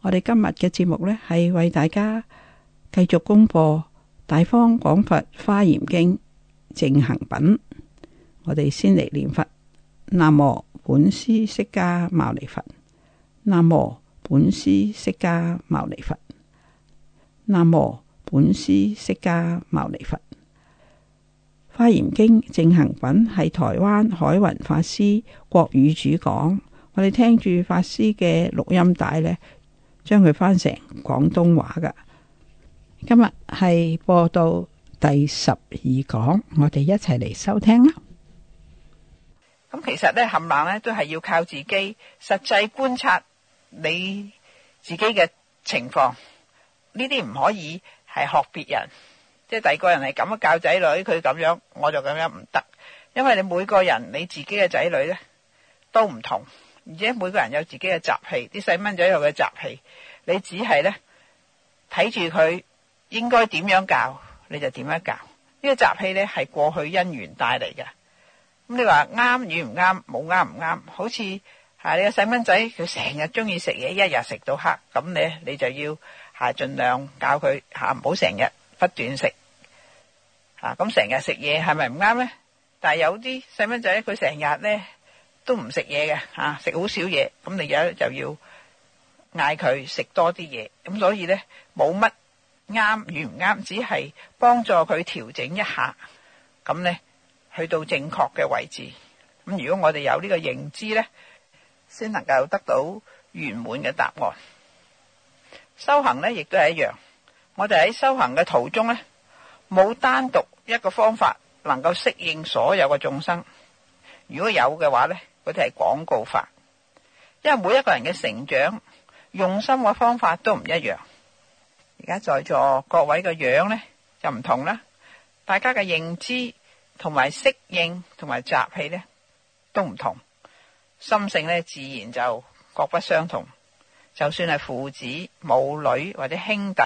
我哋今日嘅節目呢，係為大家繼續公布《大方廣佛花嚴經正行品》。我哋先嚟念佛：南無本師釋迦牟尼佛，南無本師釋迦牟尼佛，南無本師釋迦牟尼佛。《花嚴經正行品》係台灣海雲法師國語主講。我哋聽住法師嘅錄音帶呢。將佢翻成廣東話噶，今日係播到第十二講，我哋一齊嚟收聽啦。咁其實呢，冚冷呢都係要靠自己實際觀察你自己嘅情況，呢啲唔可以係學別人，即係第二個人係咁樣教仔女，佢咁樣我就咁樣唔得，因為你每個人你自己嘅仔女呢都唔同。而且每個人有自己嘅習氣，啲細蚊仔有嘅習氣，你只係咧睇住佢應該點樣教，你就點樣教。呢個習氣咧係過去因緣帶嚟嘅。咁你話啱與唔啱，冇啱唔啱？好似嚇你個細蚊仔佢成日中意食嘢，一日食到黑，咁你你就要係盡量教佢嚇唔好成日不斷食嚇。咁成日食嘢係咪唔啱咧？但係有啲細蚊仔佢成日咧。都唔食嘢嘅，吓食好少嘢，咁你而家就要嗌佢食多啲嘢，咁所以呢冇乜啱與唔啱，只係幫助佢調整一下，咁呢去到正確嘅位置。咁如果我哋有呢個認知呢，先能夠得到圓滿嘅答案。修行呢亦都係一樣，我哋喺修行嘅途中呢，冇單獨一個方法能夠適應所有嘅眾生。如果有嘅話呢？佢哋係廣告法，因為每一個人嘅成長、用心嘅方法都唔一樣。而家在,在座各位嘅樣呢，就唔同啦，大家嘅認知同埋適應同埋習氣呢，都唔同，心性呢，自然就各不相同。就算係父子母女或者兄弟，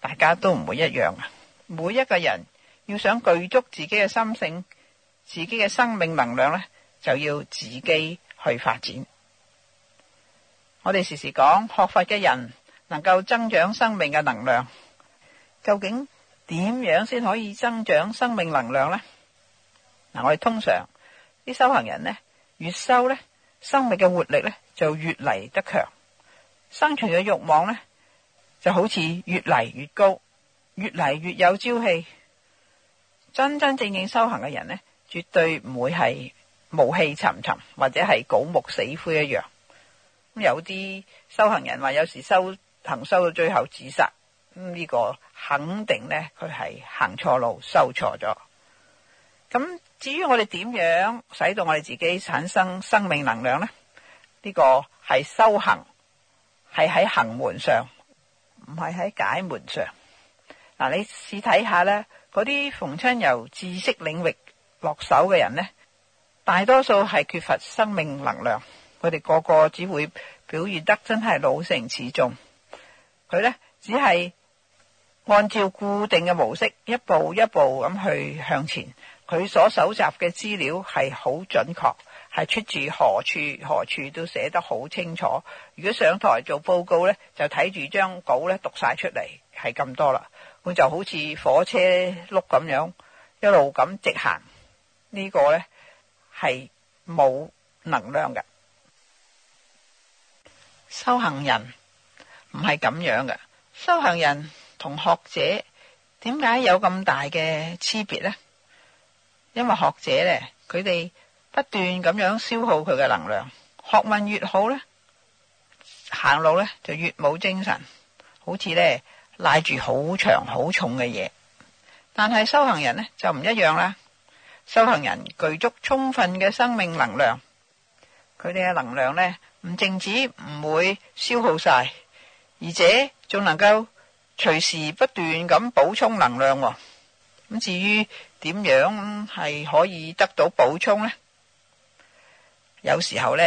大家都唔會一樣啊！每一個人要想具足自己嘅心性、自己嘅生命能量呢。就要自己去發展。我哋時時講，學佛嘅人能夠增長生命嘅能量，究竟點樣先可以增長生命能量呢？嗱，我哋通常啲修行人呢，越修呢，生命嘅活力呢就越嚟得強，生存嘅慾望呢就好似越嚟越高，越嚟越有朝氣。真真正正修行嘅人呢，絕對唔會係。暮氣沉沉，或者係槁木死灰一樣。有啲修行人話，有時修行修到最後自殺，呢個肯定呢，佢係行錯路，修錯咗。咁至於我哋點樣使到我哋自己產生生命能量呢？呢個係修行，係喺行門上，唔係喺解門上。嗱，你試睇下呢，嗰啲逢親由知識領域落手嘅人呢。大多數係缺乏生命能量，佢哋個個只會表現得真係老成持重。佢呢只係按照固定嘅模式，一步一步咁去向前。佢所搜集嘅資料係好準確，係出自何處何處都寫得好清楚。如果上台做報告呢，就睇住張稿呢讀晒出嚟係咁多啦。佢就好似火車轆咁樣一路咁直行呢、呢個呢。係冇能量嘅，修行人唔係咁樣嘅。修行人同學者點解有咁大嘅差別呢？因為學者呢，佢哋不斷咁樣消耗佢嘅能量，學問越好呢，行路呢就越冇精神，好似呢拉住好長好重嘅嘢。但係修行人呢就唔一樣啦。修行人具足充分嘅生命能量，佢哋嘅能量呢唔淨止唔會消耗晒，而且仲能夠隨時不斷咁補充能量。咁至於點樣係可以得到補充呢？有時候呢，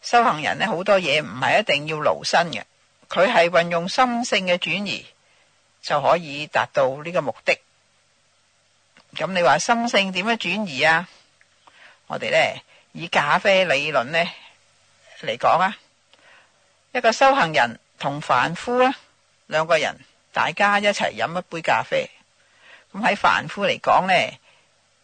修行人呢好多嘢唔係一定要勞身嘅，佢係運用心性嘅轉移就可以達到呢個目的。咁你話心性點樣轉移啊？我哋咧以咖啡理論咧嚟講啊，一個修行人同凡夫啊兩個人，大家一齊飲一杯咖啡。咁喺凡夫嚟講咧，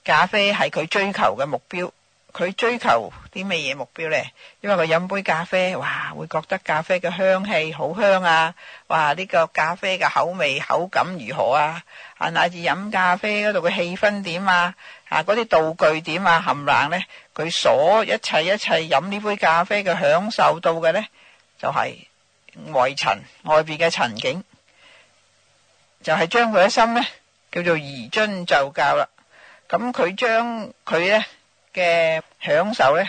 咖啡係佢追求嘅目標。佢追求啲咩嘢目標呢？因為佢飲杯咖啡，哇，會覺得咖啡嘅香氣好香啊！哇，呢個咖啡嘅口味口感如何啊？啊，乃至飲咖啡嗰度嘅氣氛點啊？啊，嗰啲道具點啊，含冷呢，佢所一切一切飲呢杯咖啡嘅享受到嘅呢，就係外塵外邊嘅塵境，就係將佢一心呢叫做移樽就教啦。咁佢將佢呢。嘅享受呢，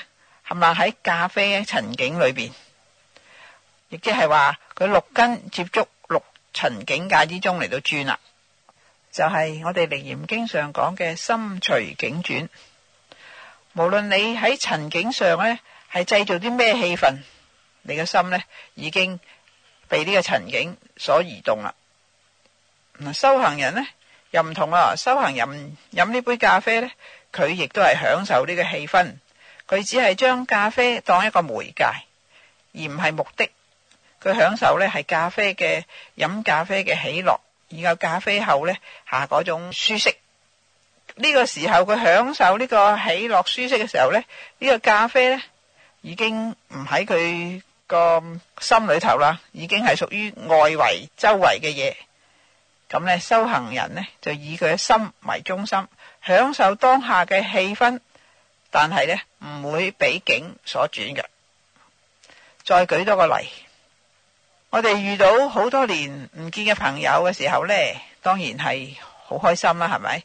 冚唪唥喺咖啡嘅情境裏邊，亦即係話佢六根接觸六情境界之中嚟到轉啦，就係、是、我哋《楞嚴經》上講嘅心隨景轉。無論你喺情景上咧，係製造啲咩氣氛，你嘅心呢已經被呢個情景所移動啦。嗱，修行人呢，又唔同啊，修行人飲呢杯咖啡呢。佢亦都係享受呢個氣氛，佢只係將咖啡當一個媒介，而唔係目的。佢享受呢係咖啡嘅、飲咖啡嘅喜樂，以及咖啡後呢下嗰種舒適。呢個時候佢享受呢個喜樂舒適嘅時候呢，呢個咖啡呢已經唔喺佢個心裏頭啦，已經係屬於外圍周圍嘅嘢。咁咧，修行人咧就以佢嘅心為中心，享受當下嘅氣氛，但係咧唔會俾境所轉嘅。再舉多個例，我哋遇到好多年唔見嘅朋友嘅時候咧，當然係好開心啦，係咪？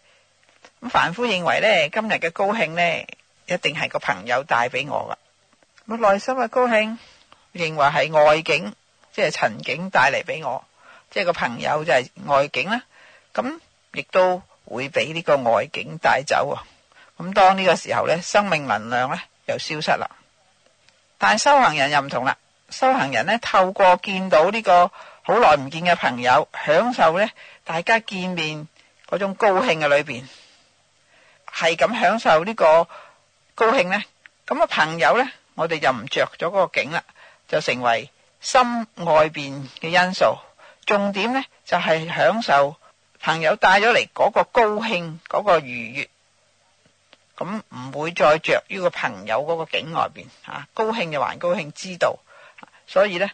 咁凡夫認為咧，今日嘅高興咧，一定係個朋友帶俾我噶，咁內心嘅高興，認為係外境，即係陳景帶嚟俾我。即係個朋友，就係外景啦。咁亦都會俾呢個外境帶走喎。咁當呢個時候呢，生命能量呢又消失啦。但係修行人又唔同啦。修行人呢透過見到呢個好耐唔見嘅朋友，享受呢大家見面嗰種高興嘅裏邊，係咁享受呢個高興呢。咁啊，朋友呢，我哋就唔著咗嗰個境啦，就成為心外邊嘅因素。重點呢就係享受朋友帶咗嚟嗰個高興，嗰個愉悅，咁唔會再著於個朋友嗰個境外邊吓，高興就還高興，知道，所以呢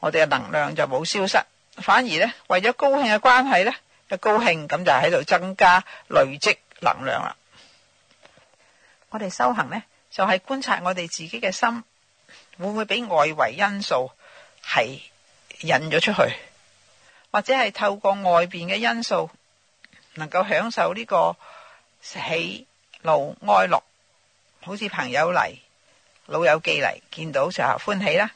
我哋嘅能量就冇消失，反而呢為咗高興嘅關係呢，就高興咁就喺度增加累積能量啦。我哋修行呢就係觀察我哋自己嘅心會唔會俾外圍因素係引咗出去。或者係透過外邊嘅因素，能夠享受呢個喜怒哀樂，好似朋友嚟，老友記嚟，見到就歡喜啦。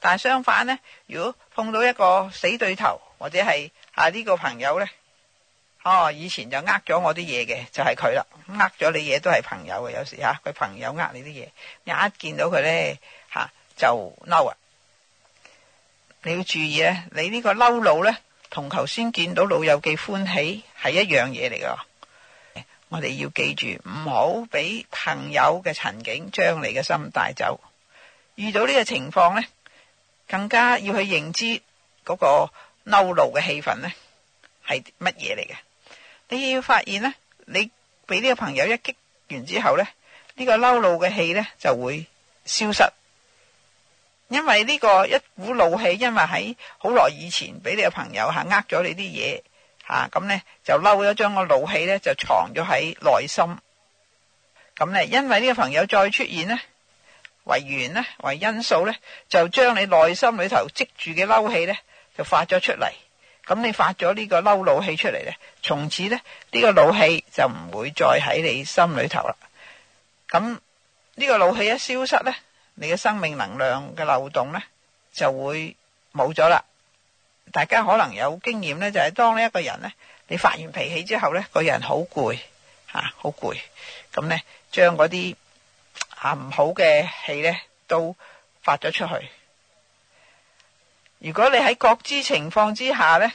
但係相反呢，如果碰到一個死對頭，或者係啊呢個朋友呢，哦以前就呃咗我啲嘢嘅，就係佢啦。呃咗你嘢都係朋友嘅，有時嚇佢朋友呃你啲嘢，一見到佢呢，嚇就嬲、no、啊！你要注意啊，你呢個嬲怒呢，同頭先見到老友記歡喜係一樣嘢嚟噶。我哋要記住，唔好俾朋友嘅情景將你嘅心帶走。遇到呢個情況呢，更加要去認知嗰個嬲怒嘅氣氛呢係乜嘢嚟嘅。你要發現呢，你俾呢個朋友一激完之後呢，呢個嬲怒嘅氣呢就會消失。因為呢個一股怒氣，因為喺好耐以前俾你個朋友吓呃咗你啲嘢，吓，咁咧就嬲咗，將個怒氣咧就藏咗喺內心。咁咧，因為呢個朋友再出現咧，為緣咧，為因素咧，就將你內心裏頭積住嘅嬲氣咧，就發咗出嚟。咁你發咗呢個嬲怒氣出嚟咧，從此咧呢個怒氣就唔會再喺你心裏頭啦。咁呢個怒氣一消失咧，你嘅生命能量嘅漏洞呢，就會冇咗啦。大家可能有經驗呢，就係、是、當呢一個人呢，你發完脾氣之後呢，個人好攰吓，好、啊、攰。咁呢，將嗰啲唔好嘅氣呢，都發咗出去。如果你喺覺知情況之下呢，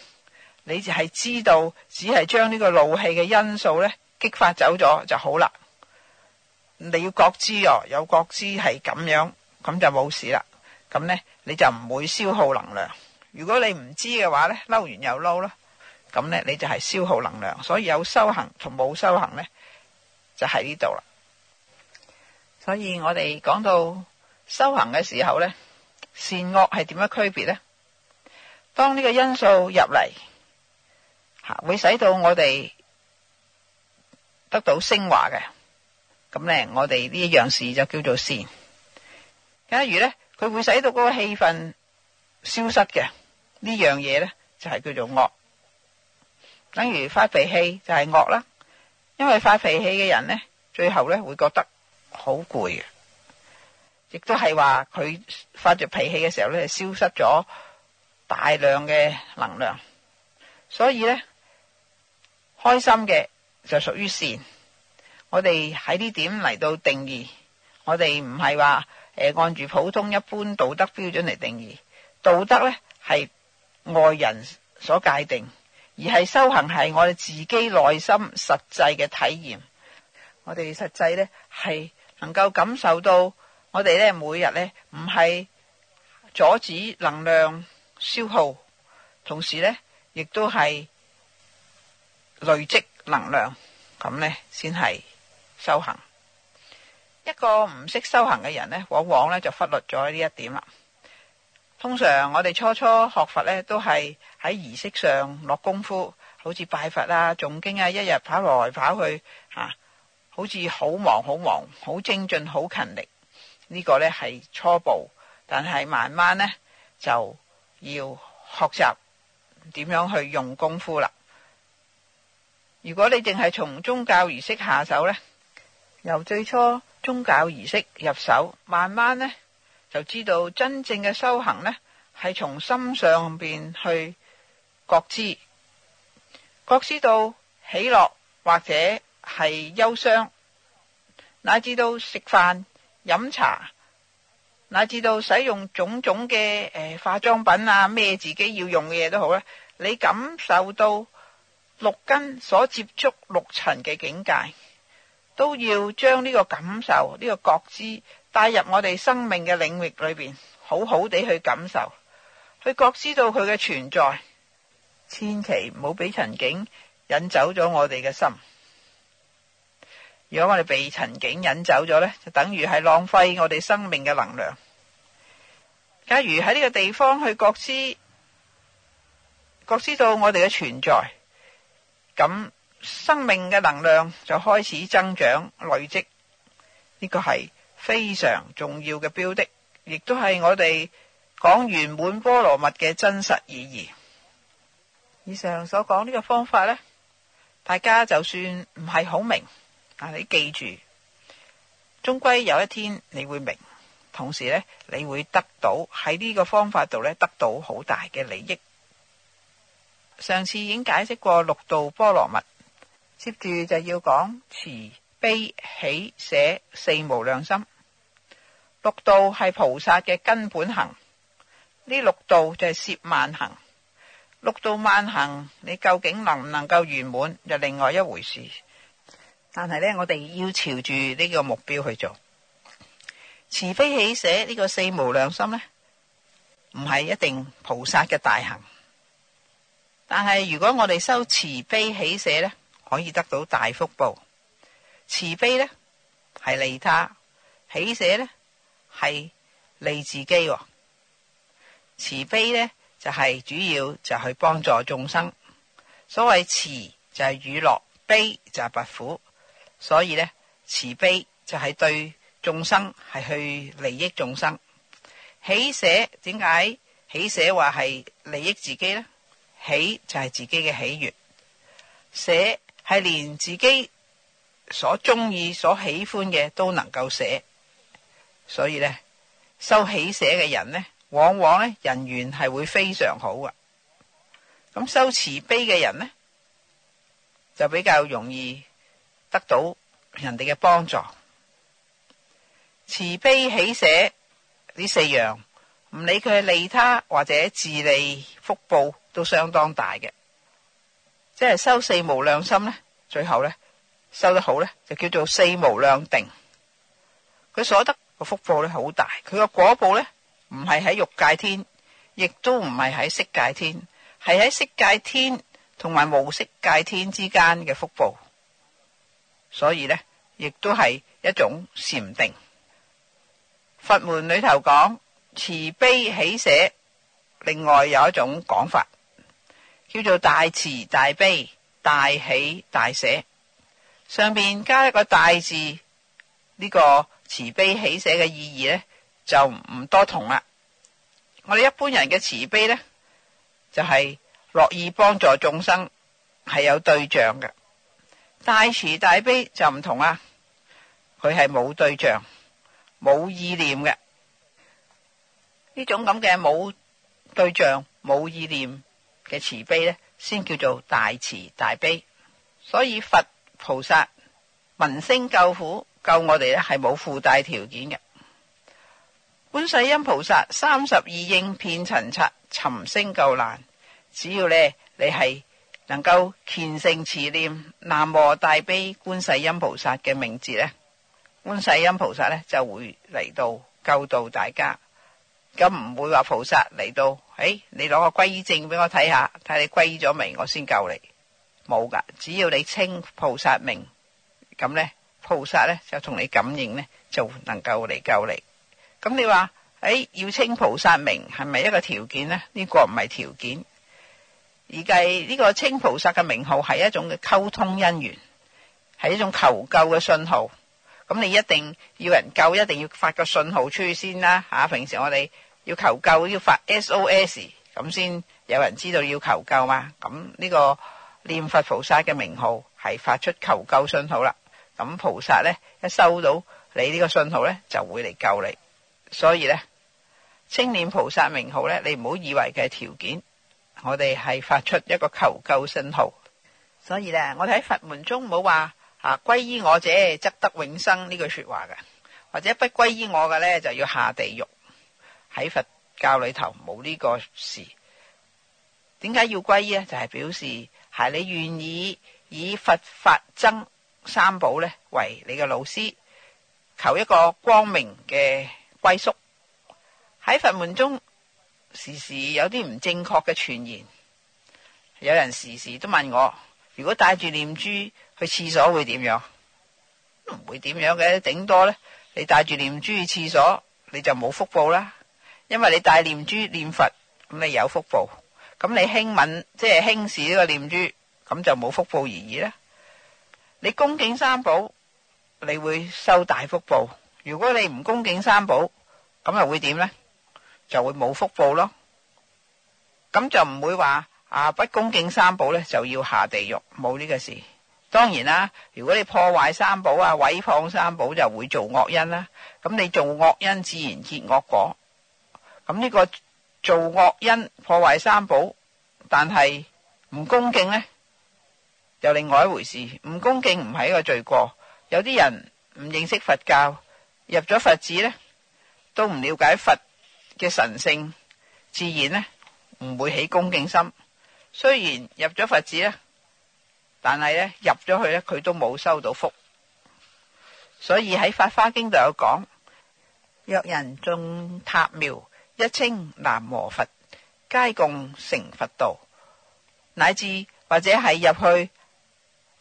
你就係知道，只係將呢個怒氣嘅因素呢，激發走咗就好啦。你要覺知哦，有覺知係咁樣，咁就冇事啦。咁咧你就唔會消耗能量。如果你唔知嘅話咧，嬲完又嬲啦。咁咧你就係消耗能量。所以有修行同冇修行咧，就喺呢度啦。所以我哋講到修行嘅時候咧，善惡係點樣區別咧？當呢個因素入嚟，吓會使到我哋得到升華嘅。咁咧，我哋呢樣事就叫做善。假如咧，佢會使到嗰個氣氛消失嘅呢樣嘢咧，就係叫做惡。等於發脾氣就係惡啦，因為發脾氣嘅人咧，最後咧會覺得好攰嘅，亦都係話佢發著脾氣嘅時候咧，消失咗大量嘅能量。所以咧，開心嘅就屬於善。我哋喺呢點嚟到定義，我哋唔係話誒按住普通一般道德標準嚟定義，道德呢係外人所界定，而係修行係我哋自己內心實際嘅體驗。我哋實際呢係能夠感受到我呢，我哋呢每日呢唔係阻止能量消耗，同時呢亦都係累積能量，咁呢先係。修行一個唔識修行嘅人呢，往往呢就忽略咗呢一點啦。通常我哋初初學佛呢，都係喺儀式上落功夫，好似拜佛啊、誦經啊，一日跑來跑去吓、啊，好似好忙、好忙、好精進、好勤力。呢、呢個呢係初步，但係慢慢呢就要學習點樣去用功夫啦。如果你淨係從宗教儀式下手呢，由最初宗教儀式入手，慢慢呢就知道真正嘅修行呢，係從心上面去覺知，覺知到喜樂或者係憂傷，乃至到食飯飲茶，乃至到使用種種嘅誒化妝品啊，咩自己要用嘅嘢都好啦。你感受到六根所接觸六塵嘅境界。都要將呢個感受、呢、這個覺知帶入我哋生命嘅領域裏邊，好好地去感受、去覺知到佢嘅存在。千祈唔好俾情景引走咗我哋嘅心。如果我哋被情景引走咗呢，就等於係浪費我哋生命嘅能量。假如喺呢個地方去覺知、覺知到我哋嘅存在，咁。生命嘅能量就開始增長累積，呢個係非常重要嘅標的，亦都係我哋講圓滿波羅蜜嘅真實意義。以上所講呢個方法呢，大家就算唔係好明，但你記住，終歸有一天你會明，同時呢，你會得到喺呢個方法度呢，得到好大嘅利益。上次已經解釋過六度波羅蜜。接住就要講慈悲喜捨四無量心，六度係菩薩嘅根本行。呢六度就係攝萬行，六度萬行你究竟能唔能夠圓滿，就另外一回事。但係呢，我哋要朝住呢個目標去做慈悲喜捨呢個四無量心呢，唔係一定菩薩嘅大行。但係如果我哋修慈悲喜捨呢？可以得到大福報，慈悲呢係利他，喜捨呢係利自己、哦。慈悲呢就係、是、主要就去幫助眾生。所謂慈就係、是、與樂，悲就係拔苦。所以呢，慈悲就係對眾生係去利益眾生。喜捨點解喜捨話係利益自己呢？喜就係自己嘅喜悅，捨。係連自己所中意，所喜歡嘅都能夠捨，所以呢，修喜捨嘅人呢，往往呢，人緣係會非常好啊。咁修慈悲嘅人呢，就比較容易得到人哋嘅幫助。慈悲喜捨呢四樣，唔理佢係利他或者自利，福報都相當大嘅。即係修四無量心咧，最後咧修得好咧，就叫做四無量定。佢所得個福報咧好大，佢個果報咧唔係喺欲界天，亦都唔係喺色界天，係喺色界天同埋無色界天之間嘅福報。所以咧，亦都係一種禪定。佛門裏頭講慈悲喜捨，另外有一種講法。叫做大慈大悲大喜大捨，上邊加一個大字，呢、這個慈悲喜捨嘅意義呢，就唔多同啦。我哋一般人嘅慈悲呢，就係、是、樂意幫助眾生，係有對象嘅。大慈大悲就唔同啦，佢係冇對象、冇意念嘅呢種咁嘅冇對象、冇意念。嘅慈悲咧，先叫做大慈大悲。所以佛菩薩聞聲救苦救我哋咧，係冇附帶條件嘅。觀世音菩薩三十二應遍塵剎，尋聲救難。只要咧你係能夠虔誠持念南無大悲觀世音菩薩嘅名字咧，觀世音菩薩咧就會嚟到救度大家。咁唔會話菩薩嚟到，誒、哎，你攞個歸依證俾我睇下，睇你歸依咗未，我先救你。冇噶，只要你稱菩薩名，咁呢，菩薩呢就同你感應呢，就能夠嚟救你。咁你話，誒、哎，要稱菩薩名係咪一個條件呢？呢、這個唔係條件，而係呢、這個稱菩薩嘅名號係一種嘅溝通因緣，係一種求救嘅信號。咁你一定要人救，一定要發個信號出去先啦。吓、啊，平時我哋。要求救要發 SOS 咁先有人知道要求救嘛？咁呢個念佛菩薩嘅名號係發出求救信號啦。咁菩薩咧一收到你呢個信號咧，就會嚟救你。所以咧，稱念菩薩名號咧，你唔好以為嘅條件，我哋係發出一個求救信號。所以咧，我哋喺佛門中唔好話啊歸依我者則得永生呢句，這個，說話嘅，或者不歸依我嘅咧就要下地獄。喺佛教裏頭冇呢個事，點解要歸依咧？就係表示係你願意以佛法僧三寶呢為你嘅老師，求一個光明嘅歸宿。喺佛門中，時時有啲唔正確嘅傳言，有人時時都問我：如果帶住念珠去廁所會點樣？唔會點樣嘅，頂多呢，你帶住念珠去廁所，你就冇福報啦。因為你大念珠念佛，咁你有福報。咁你輕吻即係輕視呢個念珠，咁就冇福報而已啦。你恭敬三寶，你會收大福報。如果你唔恭敬三寶，咁又會點呢？就會冇福報咯。咁就唔會話啊不恭敬三寶呢，就要下地獄，冇呢個事。當然啦，如果你破壞三寶啊，毀謗三寶，就會做惡因啦。咁你做惡因，自然結惡果。咁呢個做惡因破壞三寶，但係唔恭敬呢？又另外一回事。唔恭敬唔係一個罪過。有啲人唔認識佛教，入咗佛寺呢，都唔了解佛嘅神聖，自然呢唔會起恭敬心。雖然入咗佛寺呢，但係呢，入咗去呢，佢都冇收到福。所以喺《法花經》就有講，若人中塔廟。一稱南無佛，皆共成佛道；乃至或者係入去，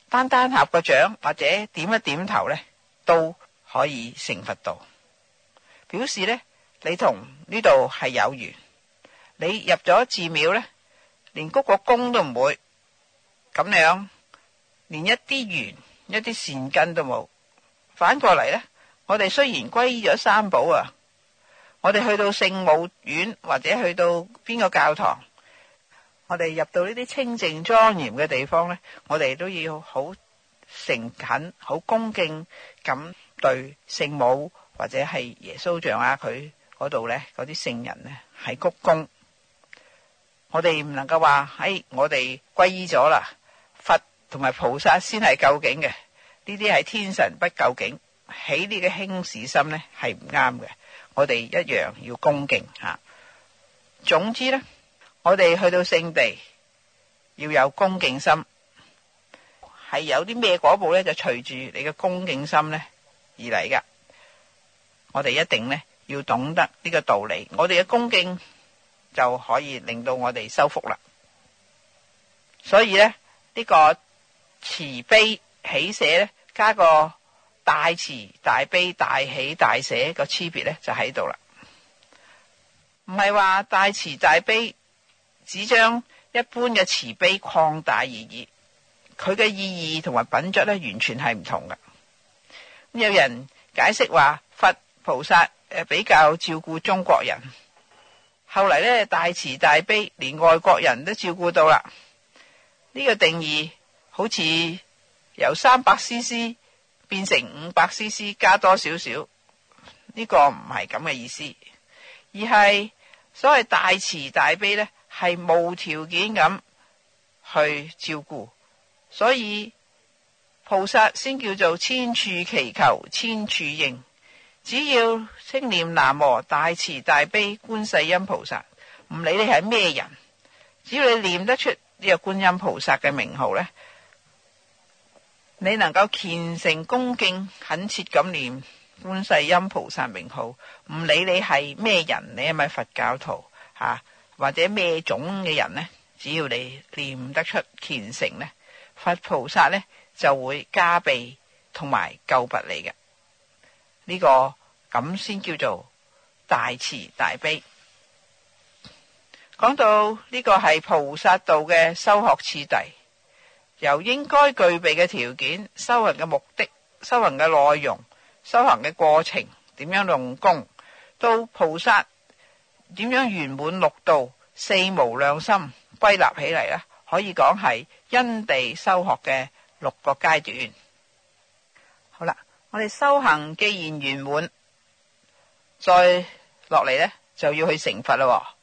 單單合個掌或者點一點頭咧，都可以成佛道。表示咧，你同呢度係有緣。你入咗寺廟咧，連鞠個躬都唔會咁樣，連一啲緣一啲善根都冇。反過嚟呢，我哋雖然歸依咗三寶啊。我哋去到聖母院或者去到邊個教堂，我哋入到呢啲清淨莊嚴嘅地方咧，我哋都要好誠懇、好恭敬咁對聖母或者係耶穌像啊，佢嗰度咧嗰啲聖人咧係鞠躬。我哋唔能夠話，哎，我哋皈依咗啦，佛同埋菩薩先係究竟嘅，呢啲係天神不究竟，起呢個輕視心咧係唔啱嘅。我哋一樣要恭敬吓。總之咧，我哋去到聖地，要有恭敬心，係有啲咩果報咧，就隨住你嘅恭敬心咧而嚟噶。我哋一定咧要懂得呢個道理，我哋嘅恭敬就可以令到我哋修福啦。所以咧，呢個慈悲喜捨咧，加個。大慈大悲大喜大捨個區別呢，就喺度啦，唔係話大慈大悲只將一般嘅慈悲擴大而已，佢嘅意義同埋品質呢，完全係唔同嘅。有人解釋話佛菩薩比較照顧中國人，後嚟呢，大慈大悲連外國人都照顧到啦。呢、這個定義好似由三百 CC，變成五百 CC 加多少少呢個唔係咁嘅意思，而係所謂大慈大悲呢，係無條件咁去照顧，所以菩薩先叫做千處祈求千處應，只要稱念南無大慈大悲觀世音菩薩，唔理你係咩人，只要你念得出呢個觀音菩薩嘅名號呢。你能夠虔誠恭敬懇切咁念觀世音菩薩名號，唔理你係咩人，你係咪佛教徒吓、啊，或者咩種嘅人咧，只要你念得出虔誠咧，佛菩薩咧就會加被同埋救拔你嘅呢、這個，咁先叫做大慈大悲。講到呢個係菩薩道嘅修學次第。由應該具備嘅條件，修行嘅目的，修行嘅內容，修行嘅過程，點樣用功，到菩薩，點樣圓滿六度、四無量心，歸納起嚟，可以講係因地修學嘅六個階段。好啦，我哋修行既然圓滿，再落嚟呢，就要去成佛。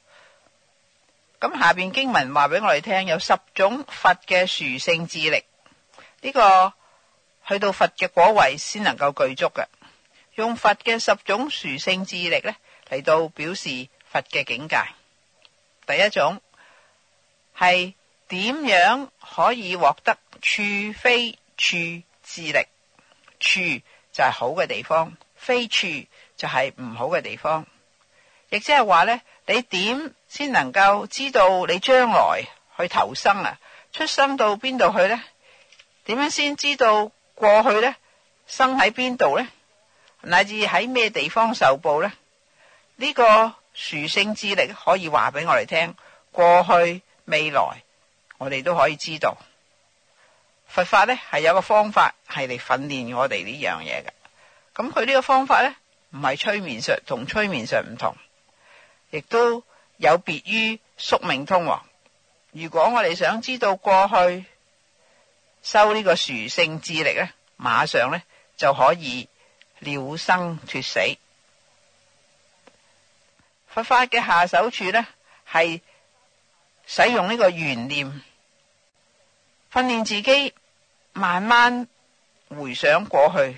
咁下邊經文話俾我哋聽，有十種佛嘅殊勝智力，呢個去到佛嘅果位先能夠具足嘅，用佛嘅十種殊勝智力咧嚟到表示佛嘅境界。第一種係點樣可以獲得處非處智力？處就係好嘅地方，非處就係唔好嘅地方。亦即係話呢，你點先能夠知道你將來去投生啊？出生到邊度去呢？點樣先知道過去呢？生喺邊度呢？乃至喺咩地方受報呢？呢個殊勝之力可以話俾我哋聽過去、未來，我哋都可以知道佛法呢係有個方法係嚟訓練我哋呢樣嘢嘅。咁佢呢個方法呢，唔係催眠術，同催眠術唔同。亦都有別於宿命通。如果我哋想知道過去，修呢個殊勝智力呢，馬上呢就可以了生脫死。佛法嘅下手處呢，係使用呢個緣念，訓練自己慢慢回想過去，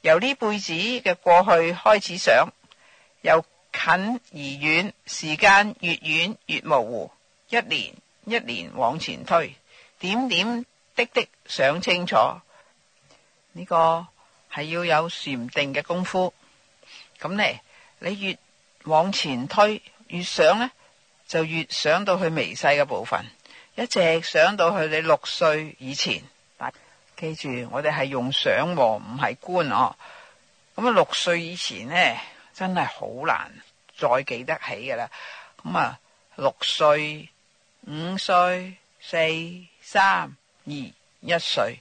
由呢輩子嘅過去開始想，由。近而遠，時間越遠越模糊。一年一年往前推，點點滴滴想清楚，呢、這個係要有禪定嘅功夫。咁呢，你越往前推，越想呢，就越想到佢微細嘅部分。一直想到去你六歲以前。記住，我哋係用想，唔係觀哦。咁啊，六歲以前呢，真係好難。再記得起嘅啦，咁啊六歲、五歲、四、三、二、一歲，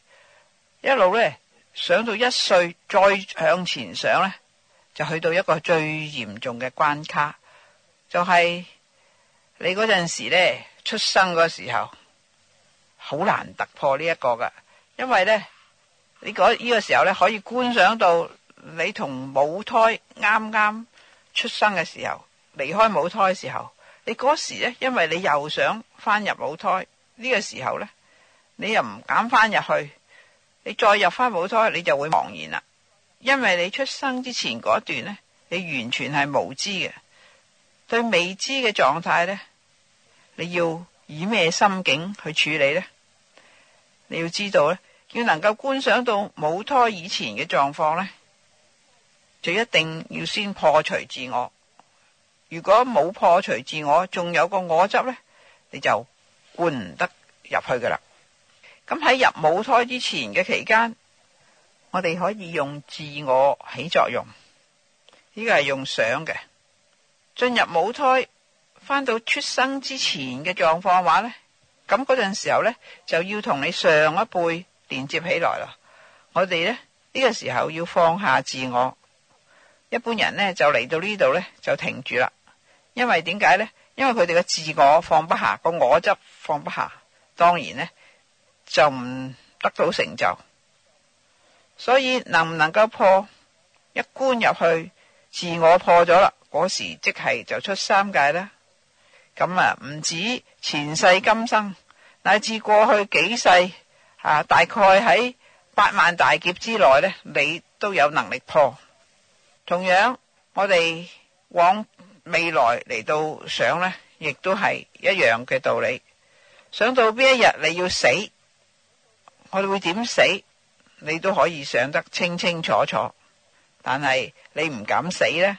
一路咧上到一歲，再向前上咧，就去到一個最嚴重嘅關卡，就係、是、你嗰陣時咧出生嗰時候，好難突破呢一個嘅。因為咧你嗰呢個時候咧可以觀賞到你同母胎啱啱。出生嘅時候，離開母胎嘅時候，你嗰時呢？因為你又想翻入母胎，呢個時候呢？你又唔敢翻入去，你再入翻母胎，你就會茫然啦。因為你出生之前嗰段呢，你完全係無知嘅，對未知嘅狀態呢，你要以咩心境去處理呢？你要知道呢，要能夠觀想到母胎以前嘅狀況呢。就一定要先破除自我。如果冇破除自我，仲有個我執咧，你就換唔得入去噶啦。咁喺入母胎之前嘅期間，我哋可以用自我起作用。呢個係用想嘅。進入母胎，返到出生之前嘅狀況話咧，咁嗰陣時候咧就要同你上一輩連接起來啦。我哋咧呢個時候要放下自我。一般人呢，就嚟到呢度呢，就停住啦，因為點解呢？因為佢哋嘅自我放不下，個我執放不下，當然呢，就唔得到成就。所以能唔能夠破一關入去，自我破咗啦，嗰時即係就出三界啦。咁啊，唔止前世今生，乃至過去幾世啊，大概喺八萬大劫之內呢，你都有能力破。同樣，我哋往未來嚟到想咧，亦都係一樣嘅道理。想到邊一日你要死，我哋會點死？你都可以想得清清楚楚。但係你唔敢死咧，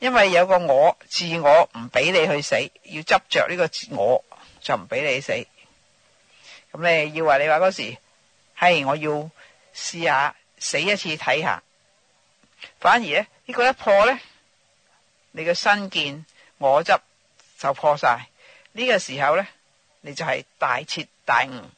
因為有個我自我唔俾你去死，要執着呢個我就唔俾你死。咁你要話你話嗰時係我要試下，死一次睇下。反而呢，呢、這個一破呢，你個身見我執就破晒呢，這個時候呢，你就係大徹大悟。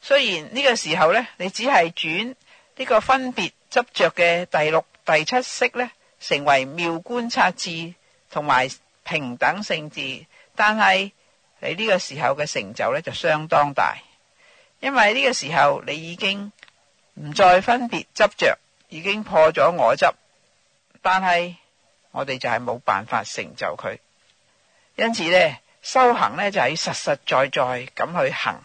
雖然呢，這個時候呢，你只係轉呢個分別執着嘅第六、第七識，呢，成為妙觀察智同埋平等性智，但係你呢個時候嘅成就呢，就相當大，因為呢個時候你已經唔再分別執着。已經破咗我執，但係我哋就係冇辦法成就佢，因此呢，修行呢，就係實實在在咁去行，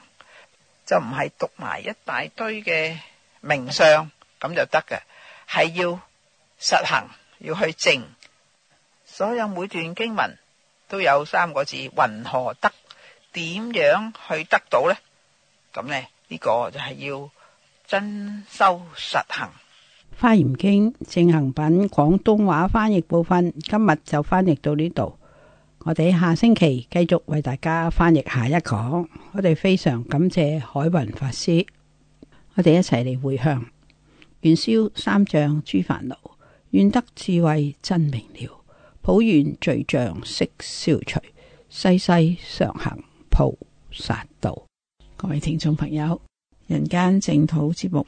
就唔係讀埋一大堆嘅名相咁就得嘅，係要實行，要去證。所有每段經文都有三個字，云何得？點樣去得到呢？咁呢，呢個就係要真修實行。《華嚴經》淨行品廣東話翻譯部分，今日就翻譯到呢度。我哋下星期繼續為大家翻譯下一講。我哋非常感謝海雲法師，我哋一齊嚟回向。願消三障諸煩惱，願得智慧真明了，普願罪障悉消除，世世常行菩薩道。各位聽眾朋友，人間淨土節目，